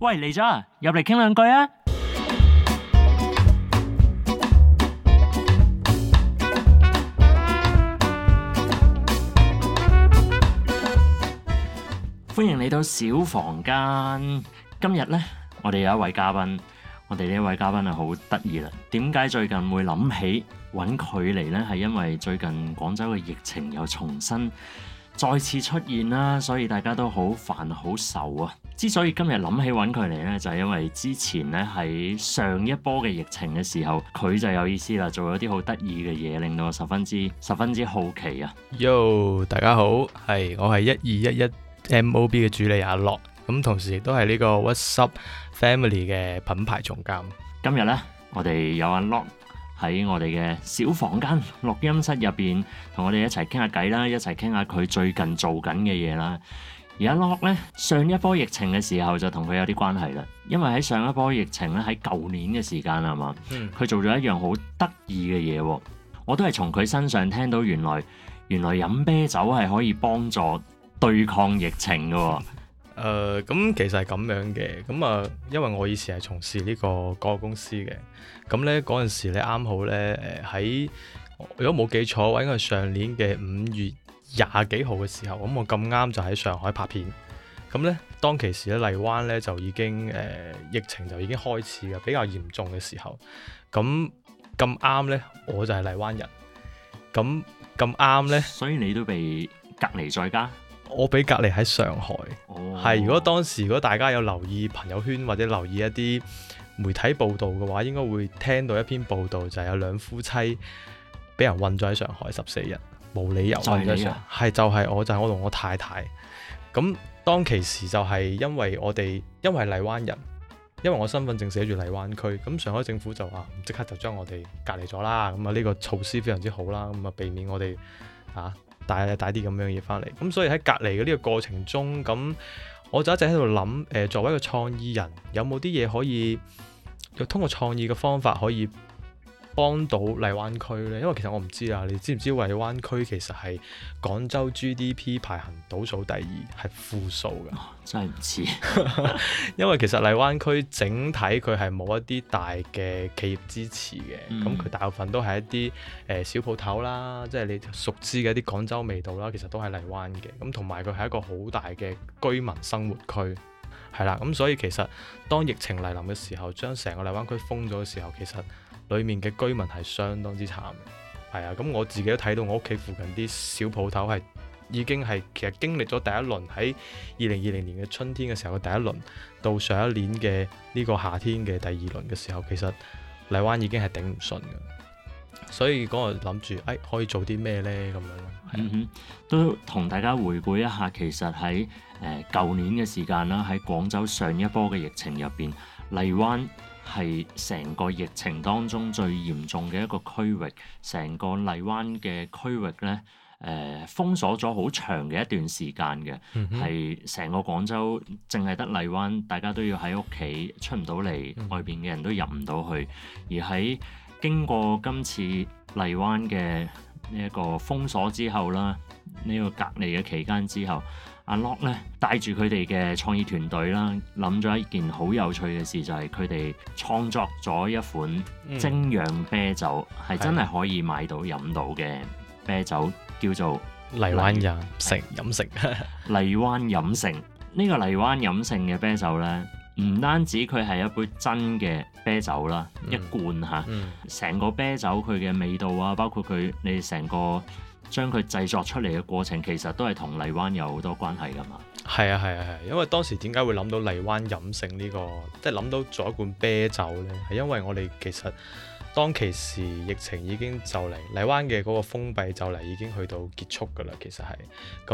喂，嚟咗入嚟傾兩句啊！歡迎嚟到小房間。今日呢，我哋有一位嘉賓，我哋呢位嘉賓啊，好得意啦。點解最近會諗起揾佢嚟呢？係因為最近廣州嘅疫情又重新再次出現啦，所以大家都好煩好愁啊！之所以今日諗起揾佢嚟呢，就係、是、因為之前呢喺上一波嘅疫情嘅時候，佢就有意思啦，做咗啲好得意嘅嘢，令到我十分之十分之好奇啊！Yo，大家好，係我係一二一一 MOB 嘅主理阿、啊、洛，咁同時亦都係呢個 WAZZUPfamily 嘅品牌總監。今日呢，我哋有阿洛喺我哋嘅小房間錄音室入邊，同我哋一齊傾下偈啦，一齊傾下佢最近做緊嘅嘢啦。而阿洛咧，上一波疫情嘅時候就同佢有啲關係啦，因為喺上一波疫情咧，喺舊年嘅時間、嗯、啊嘛，佢做咗一樣好得意嘅嘢喎，我都係從佢身上聽到原來原來飲啤酒係可以幫助對抗疫情嘅喎、啊。誒咁、呃嗯、其實係咁樣嘅，咁、嗯、啊，因為我以前係從事呢、這個廣告、那個、公司嘅，咁呢嗰陣時咧啱好呢，誒、呃、喺如果冇記錯話，應該係上年嘅五月廿幾號嘅時候，咁、嗯、我咁啱就喺上海拍片，咁、嗯、呢，當其時咧荔灣呢就已經誒、呃、疫情就已經開始嘅比較嚴重嘅時候，咁咁啱呢，我就係荔灣人，咁咁啱呢，所以你都被隔離在家。我俾隔離喺上海，係、oh. 如果當時如果大家有留意朋友圈或者留意一啲媒體報導嘅話，應該會聽到一篇報導，就係有兩夫妻俾人困咗喺上海十四日，冇理由喺度，係就係、這個就係、我就係、我同我太太，咁當其時就係因為我哋因為荔灣人，因為我身份證寫住荔灣區，咁上海政府就話即刻就將我哋隔離咗啦，咁啊呢個措施非常之好啦，咁啊避免我哋。嚇，帶帶啲咁樣嘢翻嚟，咁所以喺隔離嘅呢個過程中，咁我就一直喺度諗，作為一個創意人，有冇啲嘢可以，通過創意嘅方法可以。幫到荔灣區呢？因為其實我唔知啊，你知唔知荔灣區其實係廣州 GDP 排行倒數第二，係負數㗎、哦。真係唔知， 因為其實荔灣區整體佢係冇一啲大嘅企業支持嘅，咁佢、嗯、大部分都係一啲誒、呃、小鋪頭啦，即、就、係、是、你熟知嘅一啲廣州味道啦，其實都係荔灣嘅。咁同埋佢係一個好大嘅居民生活區，係啦。咁所以其實當疫情嚟臨嘅時候，將成個荔灣區封咗嘅時候，其實裡面嘅居民係相當之慘嘅，係啊，咁我自己都睇到我屋企附近啲小鋪頭係已經係其實經歷咗第一輪喺二零二零年嘅春天嘅時候嘅第一輪，到上一年嘅呢個夏天嘅第二輪嘅時候，其實荔灣已經係頂唔順嘅，所以嗰個諗住，哎，可以做啲咩呢？咁樣咯、嗯哼。都同大家回顧一下，其實喺誒舊年嘅時間啦，喺廣州上一波嘅疫情入邊，荔灣，係成個疫情當中最嚴重嘅一個區域，成個荔灣嘅區域呢，誒、呃、封鎖咗好長嘅一段時間嘅，係成 個廣州淨係得荔灣，大家都要喺屋企出唔到嚟，外邊嘅人都入唔到去。而喺經過今次荔灣嘅呢一個封鎖之後啦，呢個隔離嘅期間之後。這個阿洛咧，帶住佢哋嘅創意團隊啦，諗咗一件好有趣嘅事，就係佢哋創作咗一款精釀啤酒，係、嗯、真係可以買到飲到嘅啤酒，叫做荔灣飲勝飲勝。荔灣飲勝呢個荔灣飲勝嘅啤酒咧，唔、嗯、單止佢係一杯真嘅啤酒啦，一罐嚇，成、嗯嗯啊、個啤酒佢嘅味道啊，包括佢你成個。將佢製作出嚟嘅過程，其實都係同荔灣有好多關係㗎嘛。係啊，係啊，係啊。因為當時點解會諗到荔灣飲勝呢個，即係諗到咗一罐啤酒呢，係因為我哋其實當其時疫情已經就嚟，荔灣嘅嗰個封閉就嚟已經去到結束㗎啦。其實係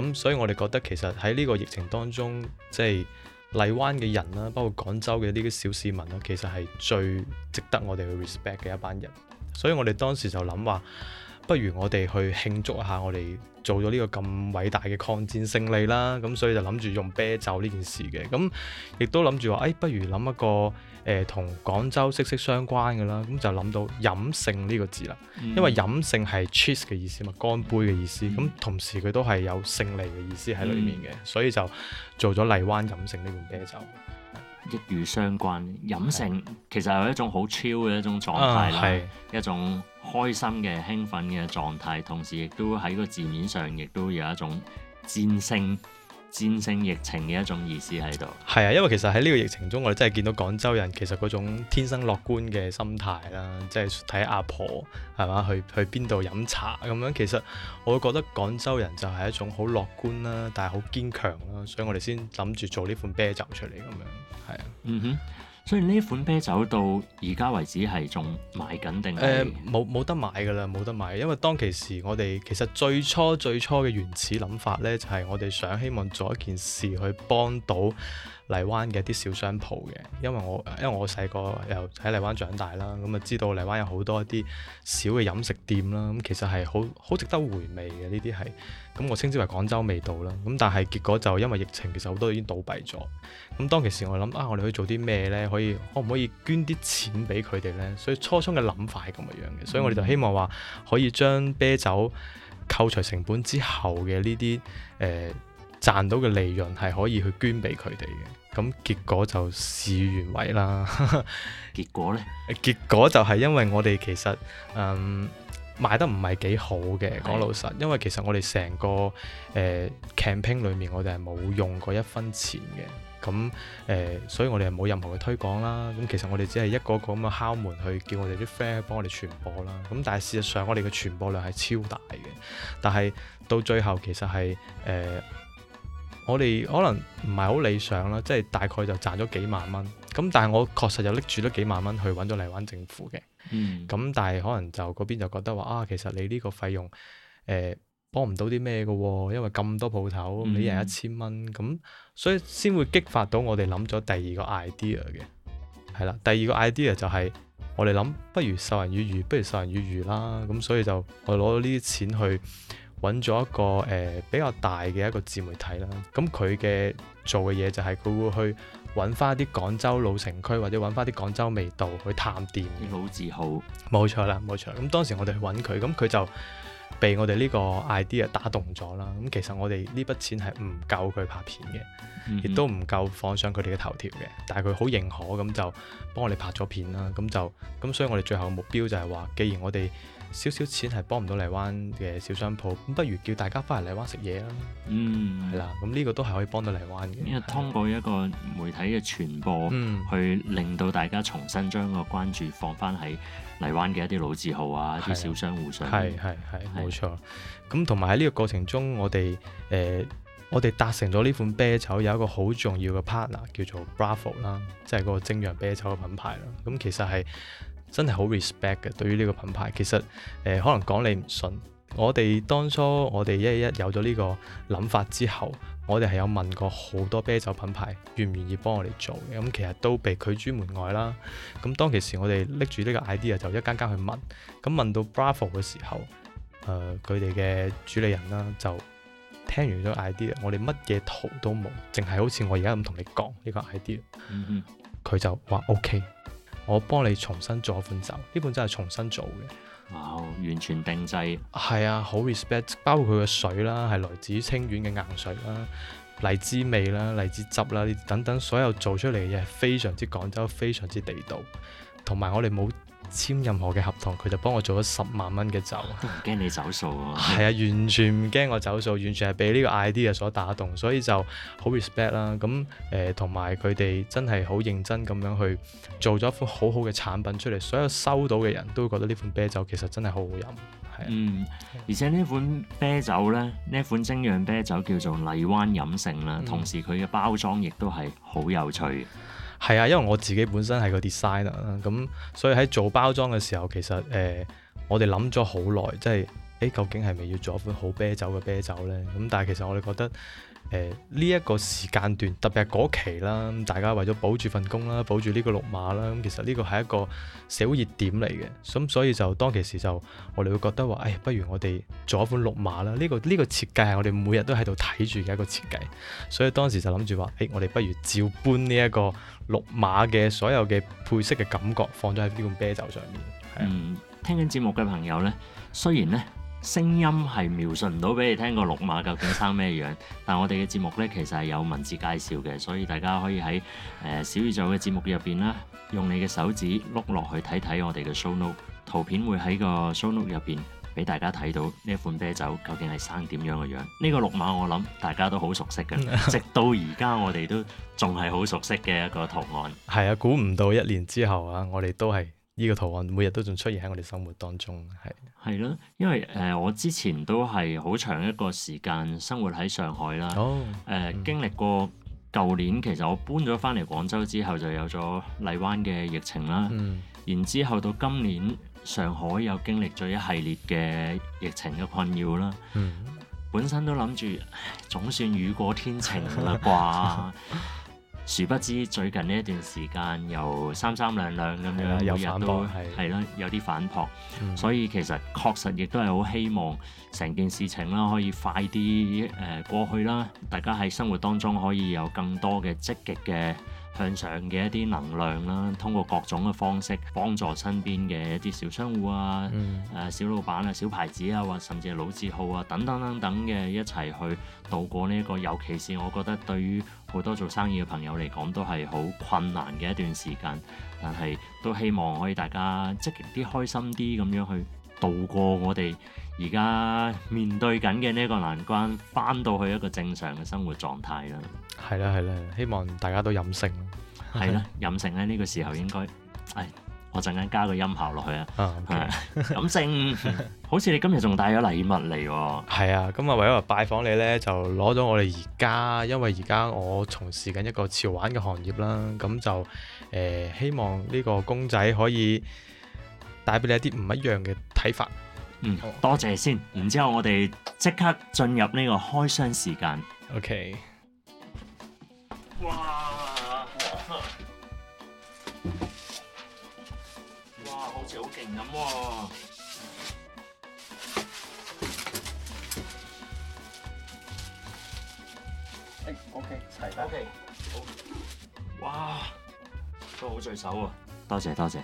咁，所以我哋覺得其實喺呢個疫情當中，即係荔灣嘅人啦，包括廣州嘅呢啲小市民啦，其實係最值得我哋去 respect 嘅一班人。所以我哋當時就諗話。不如我哋去慶祝一下我哋做咗呢個咁偉大嘅抗戰勝利啦，咁所以就諗住用啤酒呢件事嘅，咁亦都諗住話，誒、哎、不如諗一個誒同、呃、廣州息息相關嘅啦，咁就諗到飲勝呢個字啦，嗯、因為飲勝係 cheers 嘅意思嘛，乾杯嘅意思，咁同時佢都係有勝利嘅意思喺裡面嘅，嗯、所以就做咗荔灣飲勝呢款啤酒。一語相關，飲勝其實係一種好 chill 嘅一種狀態啦，uh, 是一種開心嘅興奮嘅狀態，同時亦都喺個字面上亦都有一種戰勝。戰勝疫情嘅一種意思喺度，係啊，因為其實喺呢個疫情中，我哋真係見到廣州人其實嗰種天生樂觀嘅心態啦，即係睇阿婆係咪去去邊度飲茶咁樣，其實我覺得廣州人就係一種好樂觀啦，但係好堅強啦，所以我哋先諗住做呢款啤酒出嚟咁樣，係啊，嗯哼。所以呢款啤酒到而家為止係仲賣緊定係誒冇冇得買噶啦冇得買，因為當其時我哋其實最初最初嘅原始諗法呢，就係我哋想希望做一件事去幫到荔灣嘅一啲小商鋪嘅，因為我因為我細個又喺荔灣長大啦，咁啊知道荔灣有好多一啲小嘅飲食店啦，咁其實係好好值得回味嘅呢啲係。咁我稱之為廣州味道啦，咁但係結果就因為疫情，其實好多已經倒閉咗。咁當其時我諗啊，我哋可以做啲咩呢？可以可唔可以捐啲錢俾佢哋呢？所以初衷嘅諗法係咁樣嘅，所以我哋就希望話可以將啤酒扣除成本之後嘅呢啲誒賺到嘅利潤係可以去捐俾佢哋嘅。咁結果就事與願違啦。 結果呢？結果就係因為我哋其實嗯。賣得唔係幾好嘅，講老實，因為其實我哋成個誒、呃、campaign 裏面，我哋係冇用過一分錢嘅，咁誒、呃，所以我哋係冇任何嘅推廣啦。咁其實我哋只係一個一個咁樣敲門去叫我哋啲 friend 幫我哋傳播啦。咁但係事實上我哋嘅傳播量係超大嘅，但係到最後其實係誒、呃、我哋可能唔係好理想啦，即、就、係、是、大概就賺咗幾萬蚊。咁但係我確實又拎住咗幾萬蚊去揾咗荔灣政府嘅，咁、嗯、但係可能就嗰邊就覺得話啊，其實你呢個費用誒幫唔到啲咩嘅，因為咁多鋪頭，你一人一千蚊，咁、嗯、所以先會激發到我哋諗咗第二個 idea 嘅，係啦，第二個 idea 就係我哋諗不如授人以魚，不如授人以漁啦，咁所以就我攞到呢啲錢去揾咗一個誒、嗯呃、比較大嘅一個自媒體啦，咁佢嘅做嘅嘢就係佢會去。揾翻啲廣州老城區，或者揾翻啲廣州味道去探店，老字號。冇錯啦，冇錯。咁當時我哋去揾佢，咁佢就被我哋呢個 idea 打動咗啦。咁其實我哋呢筆錢係唔夠佢拍片嘅，亦、嗯嗯、都唔夠放上佢哋嘅頭條嘅。但係佢好認可，咁就幫我哋拍咗片啦。咁就咁，所以我哋最後目標就係話，既然我哋少少錢係幫唔到荔灣嘅小商鋪，咁不如叫大家翻嚟荔灣食嘢啦。嗯，係啦，咁呢個都係可以幫到荔灣嘅。因為通過一個媒體嘅傳播，嗯、去令到大家重新將個關注放翻喺荔灣嘅一啲老字號啊，一啲的小商戶上。係係係，冇錯。咁同埋喺呢個過程中，我哋誒、呃、我哋達成咗呢款啤酒有一個好重要嘅 partner 叫做 Bravo 啦，即、就、係、是、個精釀啤酒嘅品牌啦。咁其實係。真係好 respect 嘅，對於呢個品牌，其實誒、呃、可能講你唔信。我哋當初我哋一一有咗呢個諗法之後，我哋係有問過好多啤酒品牌，願唔願意幫我哋做？咁、嗯、其實都被拒諸門外啦。咁、嗯、當其時我哋拎住呢個 idea 就一間間去問，咁、嗯、問到 Bravo 嘅時候，誒佢哋嘅主理人啦就聽完咗 idea，我哋乜嘢圖都冇，淨係好似我而家咁同你講呢、呢個 idea，佢、mm hmm，就話 OK。我幫你重新做一款酒，呢款酒係重新做嘅，冇、哦、完全定製，係啊，好 respect，包括佢嘅水啦，係來自於清遠嘅硬水啦，荔枝味啦，荔枝汁啦，等等，所有做出嚟嘅嘢，係非常之廣州，非常之地道，同埋我哋冇簽任何嘅合同，佢就幫我做咗十萬蚊嘅酒，唔驚你走數啊！係 啊，完全唔驚我走數，完全係俾呢個 idea 所打動，所以就好 respect 啦。咁誒同埋佢哋真係好認真咁樣去做咗一款好好嘅產品出嚟，所有收到嘅人都會覺得呢款啤酒其實真係好好飲，係啊。嗯，而且呢款啤酒呢，呢款精釀啤酒叫做荔灣飲城啦，嗯、同時佢嘅包裝亦都係好有趣。係啊，因為我自己本身係個 designer 啦，咁所以喺做包裝嘅時候，其實誒、呃、我哋諗咗好耐，即係誒究竟係咪要做一款好啤酒嘅啤酒咧？咁但係其實我哋覺得。誒呢一個時間段，特別係嗰期啦，大家為咗保住份工啦，保住呢個綠馬啦，咁其實呢個係一個社會熱點嚟嘅，咁所以就當其時就我哋會覺得話，哎，不如我哋做一款綠馬啦，呢個呢個設計係我哋每日都喺度睇住嘅一個設計，所以當時就諗住話，誒、哎，我哋不如照搬呢一個綠馬嘅所有嘅配色嘅感覺，放咗喺呢罐啤酒上面。嗯，聽緊節目嘅朋友呢，雖然呢。聲音係描述唔到俾你聽，這個綠馬究竟生咩樣，但我哋嘅節目呢，其實係有文字介紹嘅，所以大家可以喺誒、呃、小宇宙嘅節目入邊啦，用你嘅手指碌落去睇睇我哋嘅 SHOW Note。圖片會，會喺個 SHOW Note 入邊俾大家睇到呢一款啤酒究竟係生點樣嘅樣。呢、這個綠馬我諗大家都好熟悉嘅， 直到而家我哋都仲係好熟悉嘅一個圖案。係啊，估唔到一年之後啊，我哋都係～呢個圖案每日都仲出現喺我哋生活當中，係係咯，因為誒、呃、我之前都係好長一個時間生活喺上海啦，誒、哦呃、經歷過舊年、嗯、其實我搬咗翻嚟廣州之後就有咗荔灣嘅疫情啦，嗯、然之後到今年上海又經歷咗一系列嘅疫情嘅困擾啦，嗯、本身都諗住總算雨過天晴啦，啩。 殊不知最近呢一段時間又三三兩兩咁樣，有日都係啦，有啲反撲，所以其實確實亦都係好希望成件事情啦，可以快啲誒、呃、過去啦。大家喺生活當中可以有更多嘅積極嘅向上嘅一啲能量啦，通過各種嘅方式幫助身邊嘅一啲小商戶啊、誒、嗯啊、小老闆啊、小牌子啊，或甚至係老字號啊等等等等嘅一齊去度過呢、這、一個，尤其是我覺得對於好多做生意嘅朋友嚟講都係好困難嘅一段時間，但係都希望可以大家積極啲、開心啲咁樣去度過我哋。而家面對緊嘅呢一個難關，翻到去一個正常嘅生活狀態啦。係啦，係啦，希望大家都飲勝。係 啦，飲勝咧，呢個時候應該，唉、哎，我陣間加個音效落去啊。Okay. 飲勝，好似你今日仲帶咗禮物嚟喎。係啊，咁啊為咗拜訪你咧，就攞咗我哋而家，因為而家我從事緊一個潮玩嘅行業啦，咁就誒、呃、希望呢個公仔可以帶俾你一啲唔一樣嘅睇法。嗯，多謝先，然之後我哋即刻進入呢個開箱時間。OK。哇！哇，好似好勁咁喎。誒，OK，齊啦。OK，好。哇，都好就手喎。多謝多謝，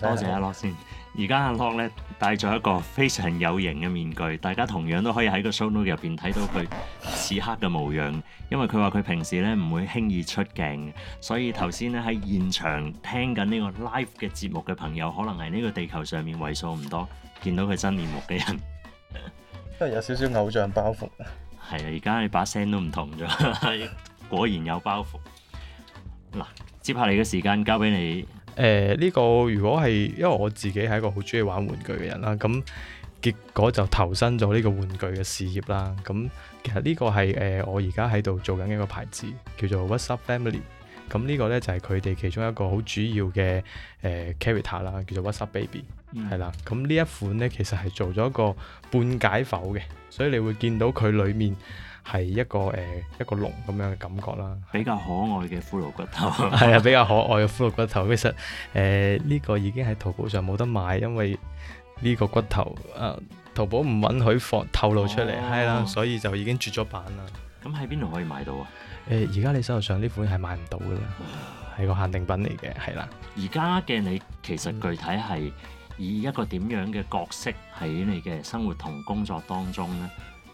多謝阿洛先。而家阿洛咧。戴咗一個非常有型嘅面具，大家同樣都可以喺個 show note 入邊睇到佢此刻嘅模樣。因為佢話佢平時咧唔會輕易出鏡，所以頭先咧喺現場聽緊呢個 live 嘅節目嘅朋友，可能係呢個地球上面為數唔多見到佢真面目嘅人。都 係、嗯、有少少偶像包袱。係 啊，而家你把聲都唔同咗， 果然有包袱。嗱，接下嚟嘅時間交俾你。誒呢、呃這個如果係因為我自己係一個好中意玩玩具嘅人啦，咁結果就投身咗呢個玩具嘅事業啦。咁其實呢個係誒、呃、我而家喺度做緊一個牌子叫做 WAZZUPfamily。咁呢個呢，就係佢哋其中一個好主要嘅誒、呃、character 啦，叫做 WAZZUPbaby 係啦、嗯。咁呢一款呢，其實係做咗個半解剖嘅，所以你會見到佢裡面。係一個誒、呃、一個龍咁樣嘅感覺啦，比， 比較可愛嘅骷髏骨頭，係啊，比較可愛嘅骷髏骨頭。其實誒呢、呃這個已經喺淘寶上冇得買，因為呢個骨頭誒、呃、淘寶唔允許放透露出嚟，係啦、哦，所以就已經絕咗版啦。咁喺邊度可以買到啊？誒而家你手頭上呢款係買唔到噶啦，係、哦、個限定品嚟嘅，係啦。而家嘅你其實具體係以一個點樣嘅角色喺你嘅生活同工作當中咧？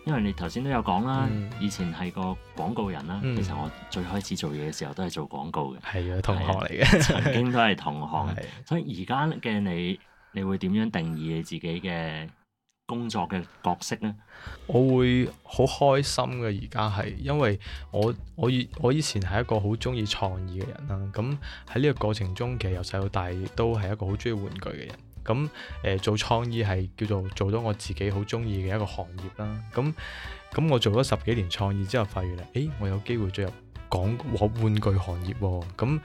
因為你頭先都有講啦，嗯、以前係個廣告人啦。嗯、其實我最開始做嘢嘅時候都係做廣告嘅，係啊，同學嚟嘅， 曾經都係同行。的所以而家嘅你，你會點樣定義你自己嘅工作嘅角色呢？我會好開心嘅，而家係因為我我以我以前係一個好中意創意嘅人啦。咁喺呢個過程中，其實由細到大都係一個好中意玩具嘅人。咁誒、呃、做創意係叫做做到我自己好中意嘅一個行業啦。咁咁我做咗十幾年創意之後，發現誒、欸、我有機會進入講玩具行業喎、啊。咁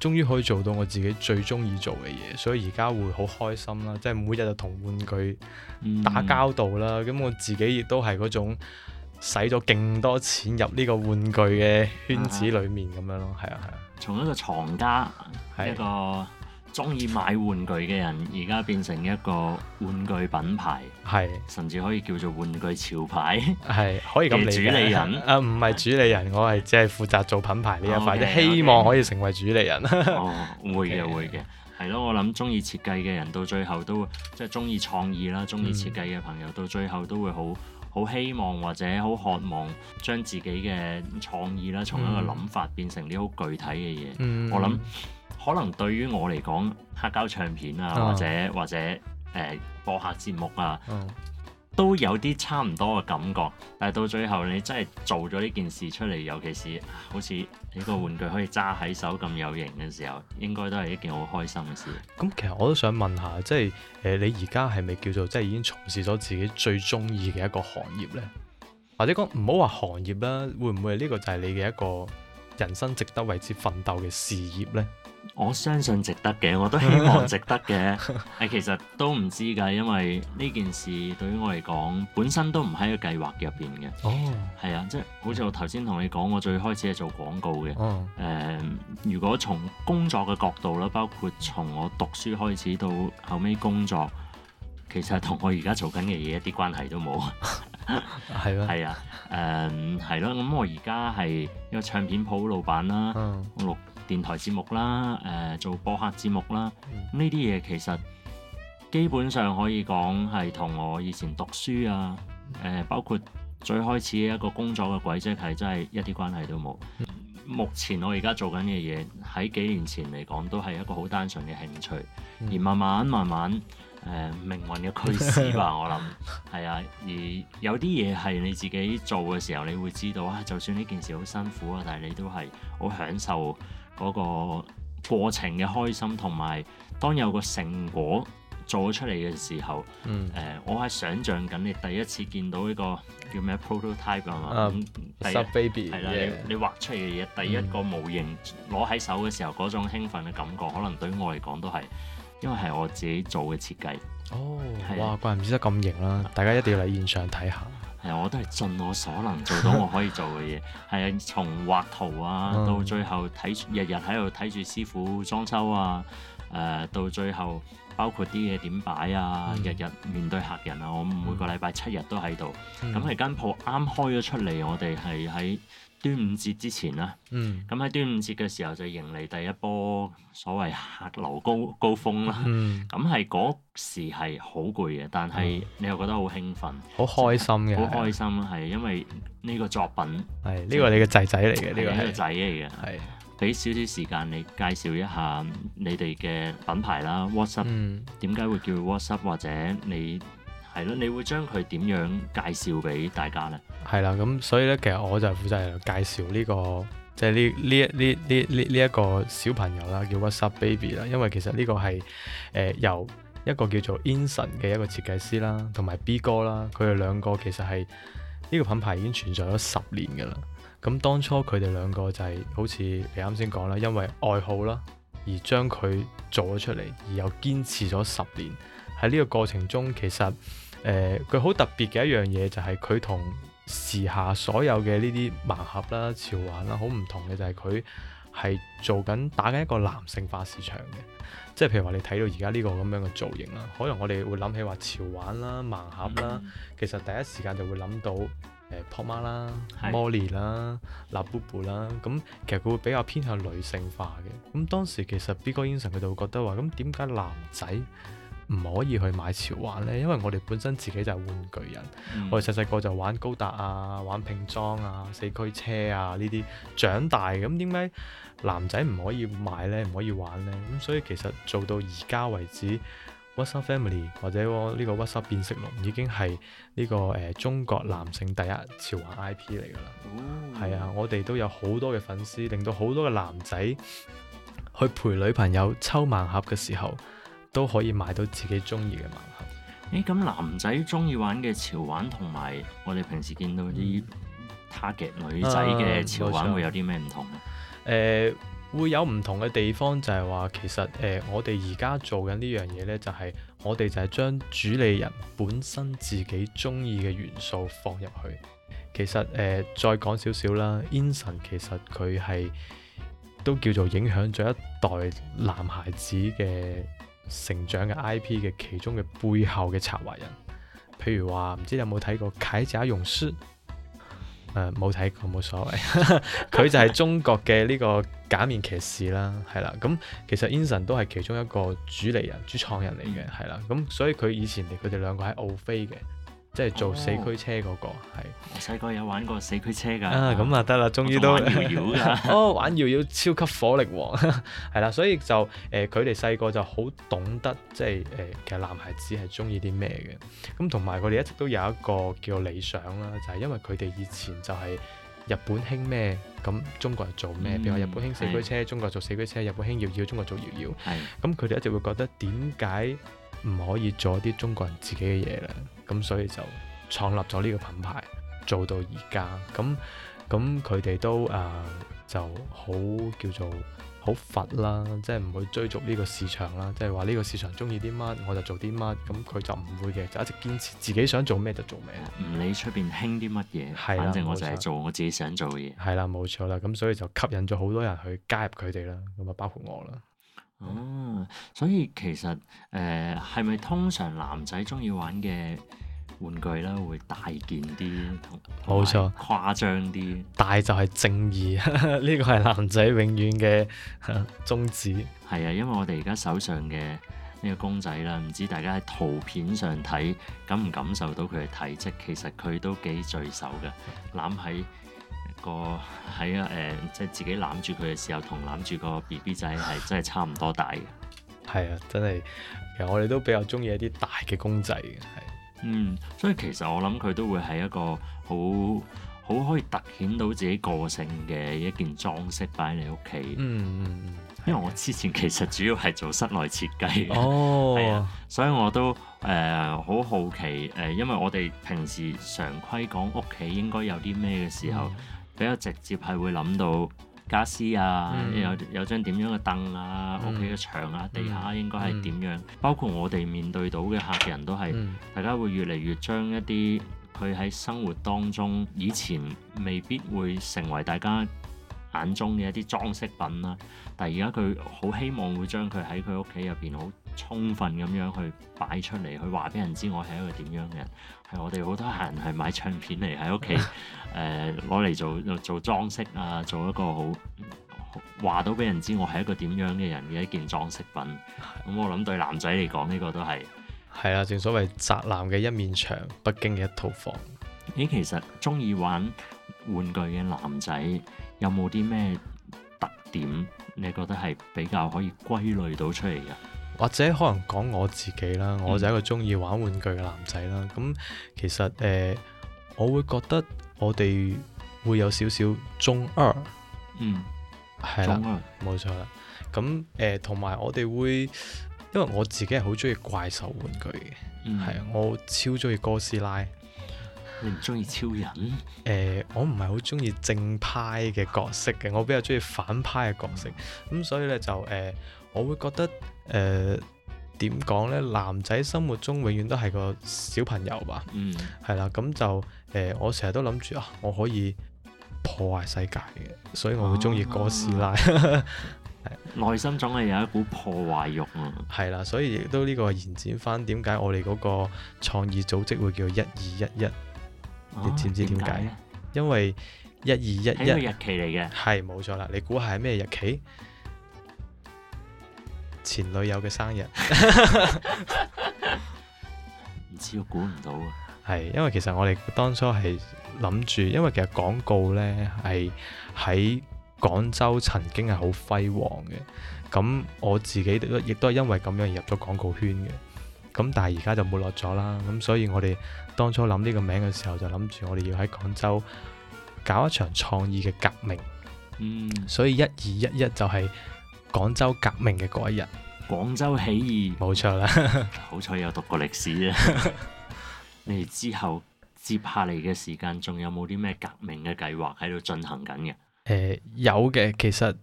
終於可以做到我自己最中意做嘅嘢，所以而家會好開心啦。即係每日就同玩具打交道啦。咁、嗯、我自己亦都係嗰種使咗勁多錢入呢個玩具嘅圈子裡面咁樣咯。係啊，係啊。啊啊，從一個藏家，係啊、一個。中意買玩具嘅人，而家變成一個玩具品牌，係是甚至可以叫做玩具潮牌，係可以咁理解，主理人啊？唔係 主理人，我係即係負責做品牌呢一塊，okay, okay. 希望可以成為主理人。 哦，會嘅 Okay. 會嘅，係咯。我諗中意設計嘅人，到最後都會，即係中意創意啦，中意設計嘅朋友，到最後都會好好、就是嗯、希望或者好渴望將自己嘅創意啦，從一個諗法變成啲好具體嘅嘢。嗯、我諗。可能對於我嚟講，黑膠唱片啊，或者、啊、或者誒、呃、播客節目啊，啊都有啲差唔多嘅感覺。但係到最後，你真係做咗呢件事出嚟，尤其是好似你個玩具可以揸喺手咁有型嘅時候，應該都係一件好開心嘅事。咁其實我都想問下，即係誒、呃、你而家係咪叫做即係已經從事咗自己最中意嘅一個行業呢？或者講唔好話行業啦，會唔會呢個就係你嘅一個人生值得為之奮鬥嘅事業呢，我相信值得嘅，我都希望值得嘅。係 其實都唔知㗎，因為呢件事對於我嚟講，本身都唔喺個計劃入邊嘅。哦，係啊，即係好似我頭先同你講，我最開始係做廣告嘅。嗯、oh. 呃。如果從工作嘅角度啦，包括從我讀書開始到後尾工作，其實同我而家做緊嘅嘢一啲關係都冇。 係咯，係啊，誒，係咯，咁我而家係一個唱片鋪老闆啦，錄電台節目啦，誒，做播客節目啦，呢啲嘢其實基本上可以講係同我以前讀書啊，誒，包括最開始一個工作嘅軌跡係真係一啲關係都冇。目前我而家做緊嘅嘢喺幾年前嚟講都係一個好單純嘅興趣，而慢慢慢慢。誒、呃、命運嘅驅使吧，我諗係啊，而有啲嘢係你自己做嘅時候，你會知道啊。就算呢件事好辛苦啊，但係你都係好享受嗰個過程嘅開心，同埋當有個成果做出嚟嘅時候，誒、嗯呃，我係想像緊你第一次見到呢個叫咩 prototype 啊嘛？Otype, uh, 嗯。s, 第一 S,、uh, S, 啊、S, WAZZUPbaby, 啦， yeah. 你你畫出嚟嘅嘢，第一個模型攞喺手嘅時候，嗰種興奮嘅感覺，嗯、可能對我嚟講都係。因為係我自己做嘅設計哦，哇，是怪唔之得咁型啦！是大家一定要嚟現場睇下。係啊，我都係盡我所能做到我可以做嘅嘢。係啊， 從畫圖啊，嗯、到最後睇日日喺度睇住師傅裝修啊，誒、呃，到最後包括啲嘢點擺啊，日日、嗯、面對客人啊，我每個禮拜七日都喺度。咁係、嗯嗯、間鋪啱開咗出嚟，我哋係喺。端午節之前啦，咁喺、嗯、端午節嘅時候就迎嚟第一波所謂客流高高峰啦。咁係嗰時係好攰嘅，但係你又覺得好興奮、好、嗯、開心嘅。好開心啦，係因為呢個作品係呢、呢個你嘅仔仔嚟嘅，呢、呢個仔嚟嘅。係，俾是是少少時間你介紹一下你哋嘅品牌啦，WAZZUP 點解、嗯、會叫 WAZZUP 或者你？係咯，你會將佢點樣介紹俾大家呢？係啦，咁所以咧，其實我就係負責介紹呢、呢個，即係呢呢一呢呢呢一個小朋友啦，叫 WAZZUPbaby 啦。因為其實呢個係誒、呃、由一個叫做 Inson 嘅一個設計師啦，同埋 B 哥啦，佢哋兩個其實係呢、呢個品牌已經存在咗十年㗎啦。咁當初佢哋兩個就係、是、好似你啱先講啦，因為愛好啦而將佢做咗出嚟，而又堅持咗十年喺呢個過程中，其實。誒，佢好、呃、特別嘅一樣嘢就係佢同時下所有嘅呢啲盲盒啦、潮玩啦，好唔同嘅就係佢係做緊打緊一個男性化市場嘅，即係譬如話你睇到而家呢個咁樣嘅造型啦，可能我哋會諗起話潮玩啦、盲盒啦，其實第一時間就會諗到誒 Pokemon 啦、Molly 是啦、Labubu 啦，咁、嗯、其實佢會比較偏向女性化嘅。咁、嗯、當時其實 Biggie Unsane 佢就會覺得話，咁點解男仔？唔可以去買潮玩呢，因為我哋本身自己就係玩具人，嗯、我哋細細個就玩高達啊、玩拼裝啊、四驅車啊呢啲，長大咁點解男仔唔可以買呢？唔可以玩呢？咁所以其實做到而家為止，WAZZUP Family 或者我呢個 WAZZUP 變色龍已經係呢、呢個誒、呃、中國男性第一潮玩 IP 嚟㗎啦。係、哦嗯、啊，我哋都有好多嘅粉絲，令到好多嘅男仔去陪女朋友抽盲盒嘅時候，都可以買到自己中意嘅盲盒。誒、欸，咁男仔中意玩嘅潮玩，同埋我哋平時見到啲 target 女仔嘅潮玩，會、嗯呃，會有啲咩唔同咧？誒，會有唔同嘅地方就、呃，就係話其實誒，我哋而家做緊呢樣嘢呢就係我哋就係將主理人本身自己中意嘅元素放入去。其實誒、呃，再講少少啦，Ian 神其實佢係都叫做影響咗一代男孩子嘅。成長嘅 IP 嘅其中嘅背後嘅策劃人，譬如話唔知你有冇睇過鎧甲勇士？誒，冇、呃、睇過，冇所謂，佢 就係中國嘅呢個假面騎士啦，係啦。咁、嗯、其實 Enson 都係其中一個主理人、主創人嚟嘅，係啦。咁、嗯、所以佢以前佢哋兩個喺奧飛嘅。即係做四驅車嗰個係，我細個有玩過四驅車㗎。啊咁啊得啦，終於都玩搖搖㗎。哦玩搖搖，超級火力王係啦，所以就誒佢哋細個就好懂得即係誒其實男孩子係鍾意啲咩嘅。咁同埋佢哋一直都有一個叫理想啦，就係因為佢哋以前就係日本興咩，咁中國人做咩？譬如話日本興四驅車，中國做四驅車；日本興搖搖，中國做搖搖。係。咁佢哋一直會覺得點解唔可以做啲中國人自己嘅嘢咧？咁所以就創立咗呢個品牌，做到而家。咁咁佢哋都誒、呃、就好叫做好佛啦，即係唔會追逐呢個市場啦。即係話呢個市場中意啲乜，我就做啲乜。咁佢就唔會嘅，就一直堅持自己想做咩就做咩。唔理出邊興啲乜嘢，反正我就係做冇錯我自己想做嘅嘢。係、啊、啦，冇錯啦。咁所以就吸引咗好多人去加入佢哋啦。咁啊，包括我啦。哦。所以其實誒，係、呃、咪通常男仔中意玩嘅玩具咧，會大件啲，冇錯，誇張啲。大就係正義，呢個係男仔永遠嘅宗旨。係啊，因為我哋而家手上嘅呢個公仔啦，唔知大家喺圖片上睇感唔感受到佢嘅體積，其實佢都幾聚手噶，攬喺個喺誒，即係、呃就是、自己攬住佢嘅時候，同攬住個 B B 仔係真係差唔多大。 係啊，真係，其實我哋都比較中意一啲大嘅公仔嘅，係。嗯，所以其實我諗佢都會係一個好好可以突顯到自己個性嘅一件裝飾擺喺你屋企。嗯嗯，因為我之前其實主要係做室內設計哦，係啊， 所以我都誒好好奇誒、呃，因為我哋平時常規講屋企應該有啲咩嘅時候，嗯、比較直接係會諗到。家私啊，嗯、有有張點樣嘅凳啊，屋企嘅牆啊、地下應該係點樣？嗯、包括我哋面對到嘅客人都係，嗯、大家會越嚟越將一啲佢喺生活當中以前未必會成為大家眼中嘅一啲裝飾品啦，但係而家佢好希望會將佢喺佢屋企入邊好。充分咁樣去擺出嚟，去話俾人知我係一個點樣嘅人。係我哋好多客人係買唱片嚟喺屋企誒，攞嚟做做裝飾啊，做一個好話到俾人知我係一個點樣嘅人嘅一件裝飾品。咁我諗對男仔嚟講呢個都係係啊，正所謂宅男嘅一面牆，北京嘅一套房。咦、欸，其實鍾意玩玩具嘅男仔有冇啲咩特點？你覺得係比較可以歸類到出嚟嘅？或者可能講我自己啦，嗯、我就一個中意玩玩具嘅男仔啦。咁其實誒、呃，我會覺得我哋會有少少中二，嗯，係啦了，冇二錯啦。咁誒，同、呃、埋我哋會，因為我自己係好中意怪獸玩具嘅，係啊、嗯，我超中意哥斯拉。你唔中意超人？誒、呃，我唔係好中意正派嘅角色嘅，我比較中意反派嘅角色。咁所以咧就誒。呃我會覺得誒，點講呢？男仔心目中永遠都係個小朋友吧，係啦、嗯，咁就誒、呃，我成日都諗住啊，我可以破壞世界嘅，所以我會中意哥斯拉。內、啊、 的心總係有一股破壞欲，係啦，所以亦都呢、這個延展翻，點解我哋嗰個創意組織會叫一二一一？你知唔知點解？因為一二一一日期嚟嘅，係冇錯啦，你估下係咩日期？前女友嘅生日，唔知我估唔到啊！係，因為其實我哋當初係諗住，因為其實廣告咧係喺廣州曾經係好輝煌嘅，咁我自己亦都係因為咁樣而入咗廣告圈嘅。咁但係而家就沒落咗啦。咁所以我哋當初諗呢個名嘅時候，就諗住我哋要喺廣州搞一場創意嘅革命。嗯，所以一二一一就係。廣州革命嘅嗰一日，廣州起義冇錯啦。錯 好彩有讀過歷史啊！ 你哋之後接下嚟嘅時間，仲有冇啲咩革命嘅計劃喺度進行緊嘅？誒、呃，有嘅。其實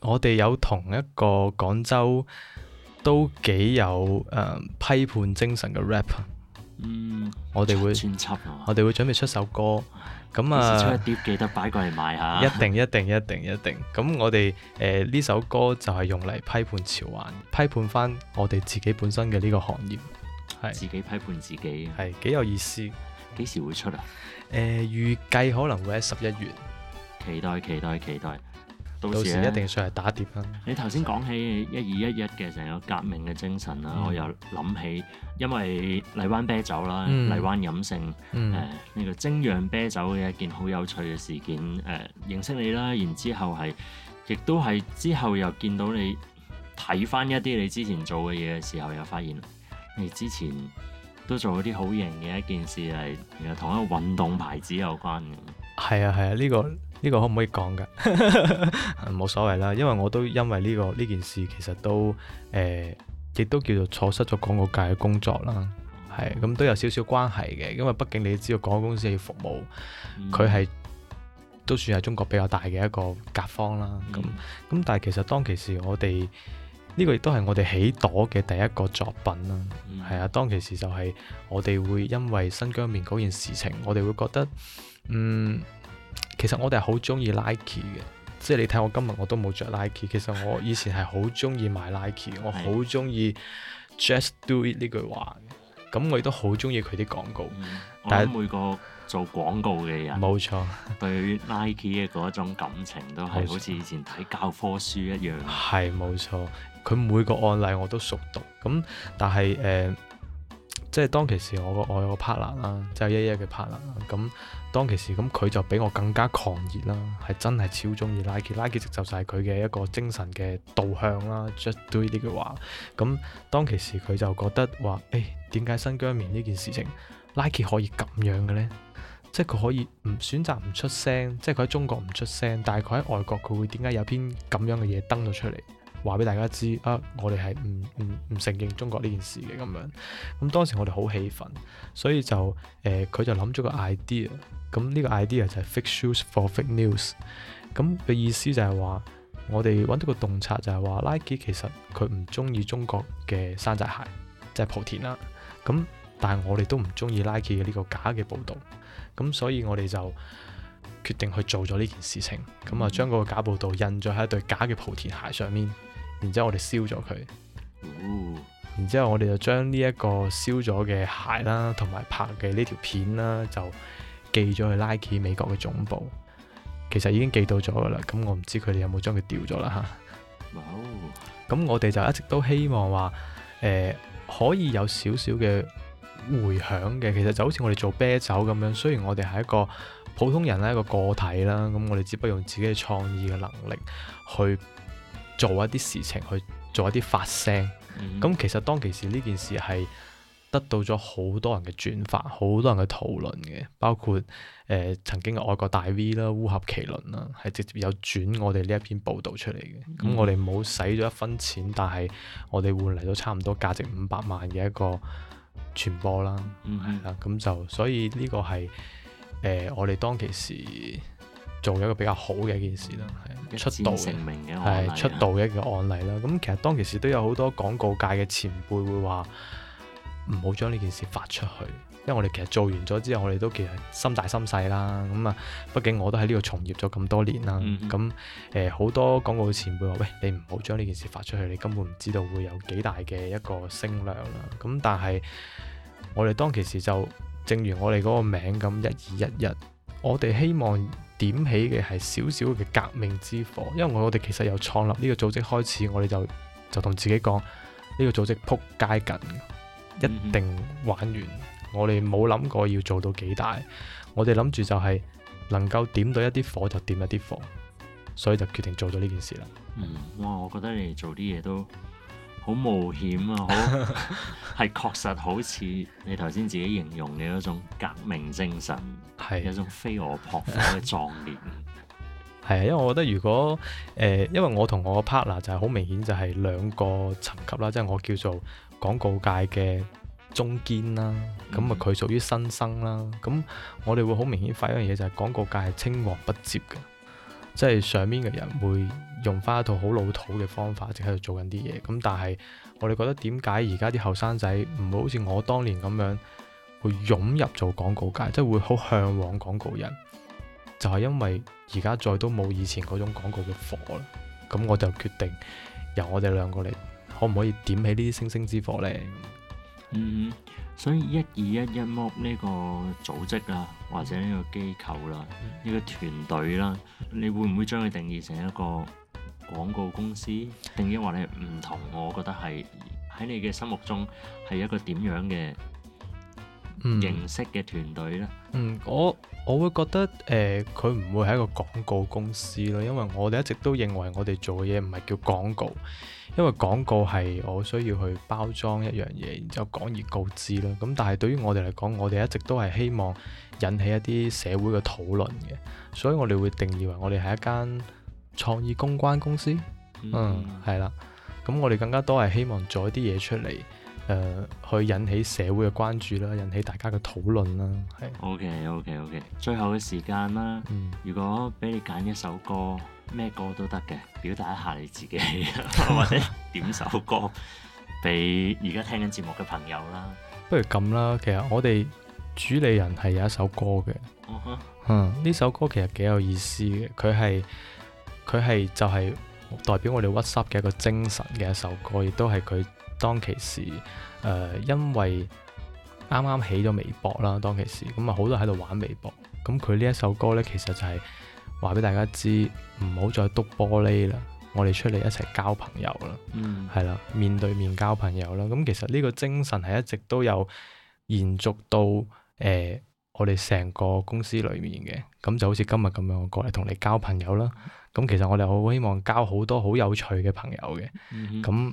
我哋有同一個廣州都幾有誒、嗯、批判精神嘅 rap。嗯，我哋會專輯，專輯啊、我哋會準備出首歌。咁啊，出一碟記得擺過嚟賣下。一定一定一定一定。咁我哋誒，呢首歌就係用嚟批判潮玩，批判翻我哋自己本身嘅呢個行業，係自己批判自己，係幾有意思。幾時會出啊？誒、呃，預計可能會喺十一月。期待，期待，期待。到時，到時一定算係打碟啦。你頭先講起一二一一嘅成個革命嘅精神啊，嗯、我又諗起，因為荔灣啤酒啦、荔、嗯、灣飲勝，誒呢、嗯呃呢個精釀啤酒嘅一件好有趣嘅事件誒、呃，認識你啦，然之後係亦都係之後又見到你睇翻一啲你之前做嘅嘢嘅時候，又發現你之前都做咗啲好型嘅一件事係，又同一個運動牌子有關嘅。係啊係啊，呢、啊呢個。呢個可唔可以講㗎？冇 所謂啦，因為我都因為呢、這個呢件事其實都誒，亦、呃、都叫做錯失咗廣告界嘅工作啦。係咁都有少少關係嘅，因為畢竟你知道廣告公司嘅服務，佢係、嗯、都算係中國比較大嘅一個甲方啦。咁咁、嗯，但係其實當其時我哋呢、這個亦都係我哋起朵嘅第一個作品啦。係、嗯、啊，當其時就係我哋會因為新疆棉嗰件事情，我哋會覺得嗯。其實我哋係好中意 Nike 嘅，即係你睇我今日我都冇着 Nike。其實我以前係好中意買 Nike， 我好中意 Just Do It 呢句話。咁我亦都好中意佢啲廣告。嗯、但係是每個做廣告嘅人錯，冇錯，對 Nike 嘅嗰種感情都係好似以前睇教科書一樣。係冇錯，佢每個案例我都熟讀。咁但係誒、即、呃、係、就是、當其時我有個我個 partner 啦，就一一嘅 partner 啦，咁。當其時，咁佢就比我更加狂熱啦，係真係超中意 Nike。Nike 直就係佢嘅一個精神嘅導向啦，Just Do It 呢句話。咁當其時佢就覺得話，誒點解新疆棉呢件事情 Nike 可以咁樣嘅呢？即係佢可以唔選擇唔出聲，即係佢喺中國唔出聲，但係佢喺外國佢會點解有篇咁樣嘅嘢登咗出嚟？話俾大家知啊！我哋係唔唔唔承認中國呢件事嘅咁樣。咁當時我哋好氣憤，所以就誒佢、呃、就諗咗個 idea。咁呢個 idea 就係 fake shoes for fake news。咁嘅意思就係話我哋揾到個洞察就，就係話 Nike 其實佢唔中意中國嘅山寨鞋，即係莆田啦。咁但係我哋都唔中意 Nike 嘅呢個假嘅報導。咁所以我哋就決定去做咗呢件事情。咁啊，將嗰個假報導印咗喺一對假嘅莆田鞋上面。然之後我哋燒咗佢，哦、然之後我哋就將呢一個燒咗嘅鞋啦，同埋拍嘅呢條片啦，就寄咗去 Nike 美國嘅總部。其實已經寄到咗噶啦，咁、嗯、我唔知佢哋有冇將佢掉咗啦嚇。咁、哦嗯、我哋就一直都希望話，誒、呃、可以有少少嘅迴響嘅。其實就好似我哋做啤酒咁樣，雖然我哋係一個普通人啦，一個個體啦，咁、嗯、我哋只不過用自己嘅創意嘅能力去。做一啲事情，去做一啲發聲，咁、嗯、其實當其時呢件事係得到咗好多人嘅轉發，好多人嘅討論嘅，包括誒、呃、曾經嘅外國大 V 啦、烏合麒麟啦，係直接有轉我哋呢一篇報道出嚟嘅。咁、嗯、我哋冇使咗一分錢，但係我哋換嚟到差唔多價值五百萬嘅一個傳播啦，係啦、嗯。咁就所以呢個係誒、呃、我哋當其時。做一個比較好嘅一件事啦，出道嘅出道嘅一個案例啦。咁、啊、其實當其時都有好多廣告界嘅前輩會話唔好將呢件事發出去，因為我哋其實做完咗之後，我哋都其實心大心細啦。咁啊，畢竟我都喺呢度從業咗咁多年啦。咁誒、嗯哼，呃、好多廣告嘅前輩話：喂，你唔好將呢件事發出去，你根本唔知道會有幾大嘅一個聲量啦。咁但係我哋當其時就正如我哋嗰個名咁，一二一一日，我哋希望，點起嘅係少少嘅革命之火，因為我哋其實由創立呢個組織開始，我哋就就同自己講，呢個組織撲街緊，一定玩完。我哋冇諗過要做到幾大，我哋諗住就係能夠點到一啲火就點一啲火，所以就決定做咗呢件事啦。嗯，哇！我覺得你做啲嘢都～好冒險啊！好係 確實好似你頭先自己形容你嗰種革命精神，係是有種飛蛾撲火嘅壯烈。係啊， 因為我覺得如果誒、呃，因為我同我 partner 就係好明顯就係兩個層級啦，即、就、係、是、我叫做廣告界嘅中堅啦，咁啊佢屬於新生啦。咁我哋會好明顯發現一樣嘢就係廣告界係青黃不接嘅。即係上面嘅人會用翻一套好老土嘅方法，即係喺度做緊啲嘢。咁但係我哋覺得點解而家啲後生仔唔會好似我當年咁樣，會湧入做廣告界，即係會好嚮往廣告人？就係因為而家再都冇以前嗰種廣告嘅火啦。咁我就決定由我哋兩個嚟，可唔可以點起呢啲星星之火呢？嗯，所以一二一一摸呢個組織啊，或者呢個機構啦，呢、嗯、個團隊啦，你會唔會將佢定義成一個廣告公司？定義話你唔同，我覺得係喺你嘅心目中係一個點樣嘅形式嘅團隊呢？嗯，我我會覺得誒，佢、呃、唔會係一個廣告公司咯，因為我哋一直都認為我哋做嘢唔係叫廣告。因為廣告係我需要去包裝一樣嘢，然之後廣而告之啦。咁但係對於我哋嚟講，我哋一直都係希望引起一啲社會嘅討論嘅，所以我哋會定義為我哋係一間創意公關公司。嗯，係啦、嗯。咁我哋更加多係希望做一啲嘢出嚟，誒、呃、去引起社會嘅關注啦，引起大家嘅討論啦。係、嗯。OK，OK，OK，最後嘅時間啦。如果俾你揀一首歌。咩歌都得嘅，表達一下你自己， 或者點首歌俾而家聽緊節目嘅朋友啦。不如咁啦，其實我哋主理人係有一首歌嘅，呢、uh huh. 嗯、首歌其實幾有意思嘅，佢係佢係就係代表我哋 WAZZUP 嘅一個精神嘅一首歌，亦都係佢當其時、呃、因為啱啱起咗微博啦，當其時咁啊，好多人喺度玩微博，咁佢呢一首歌呢，其實就係、是。話俾大家知，唔好再督玻璃啦！我哋出嚟一齊交朋友啦，係啦、mm hmm.，面對面交朋友啦。咁其實呢個精神係一直都有延續到誒、呃，我哋成個公司裏面嘅。咁就好似今日咁樣，我過嚟同你交朋友啦。咁其實我哋好希望交好多好有趣嘅朋友嘅。咁、mm hmm.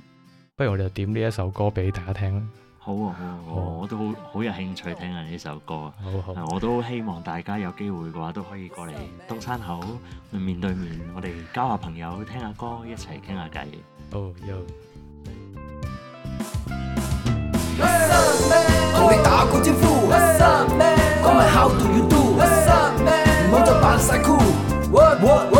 不如我哋就點呢一首歌俾大家聽啦。好啊好啊，我都好好有興趣聽下呢首歌。我都希望大家有機會嘅話，都可以過嚟東山口面對面，我哋交下朋友，聽下歌，一齊傾下偈。哦，有。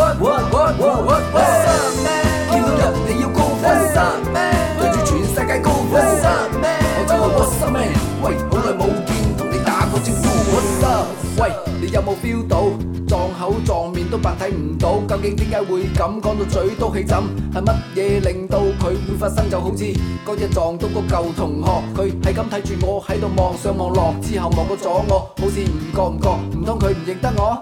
有冇 feel 到，撞口撞面都扮睇唔到，究竟點解會咁講到嘴都起枕？係乜嘢令到佢會發生？就好似嗰日撞到個舊同學，佢係咁睇住我喺度望上望落，之後望過咗我，好似唔覺唔覺，唔通佢唔認得我？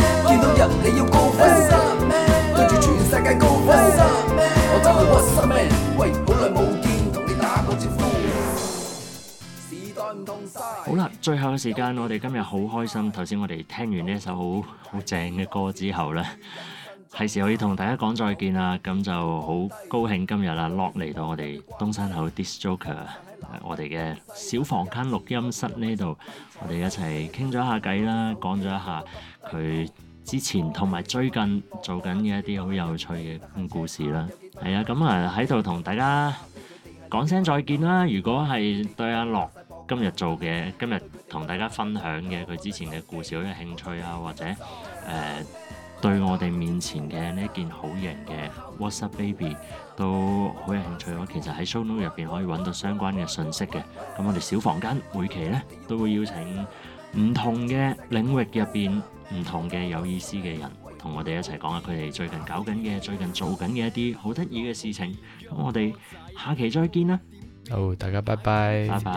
見到人你要高分身，對住全世界高分身，我真係 What's Up Man？喂，好耐冇見，同你打個招呼。好啦，最後嘅時間，我哋今日好開心。頭先我哋聽完呢一首好好正嘅歌之後咧，係時候要同大家講再見啦。咁就好高興今日啊，落嚟到我哋東山口 DISC JOKER，我哋嘅小房間錄音室呢度，我哋一齊傾咗一下偈啦，講咗一下佢，之前同埋最近做緊嘅一啲好有趣嘅故事啦，係啊，咁啊喺度同大家講聲再見啦。如果係對阿洛今日做嘅，今日同大家分享嘅佢之前嘅故事好有興趣啊，或者誒、呃、對我哋面前嘅呢一件好型嘅 WAZZUPbaby 都好有興趣，我其實喺 show note 入邊可以揾到相關嘅信息嘅。咁我哋小房間每期呢，都會邀請唔同嘅領域入邊，唔同嘅有意思嘅人，同我哋一齊講下佢哋最近搞緊嘅、最近做緊嘅一啲好得意嘅事情。咁我哋下期再見啦！好，oh，大家拜拜，拜拜。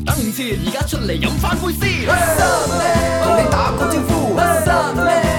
轉等唔切，而家出嚟飲翻杯先。Sunny，同你打個招呼。Sunny Hey, Hey,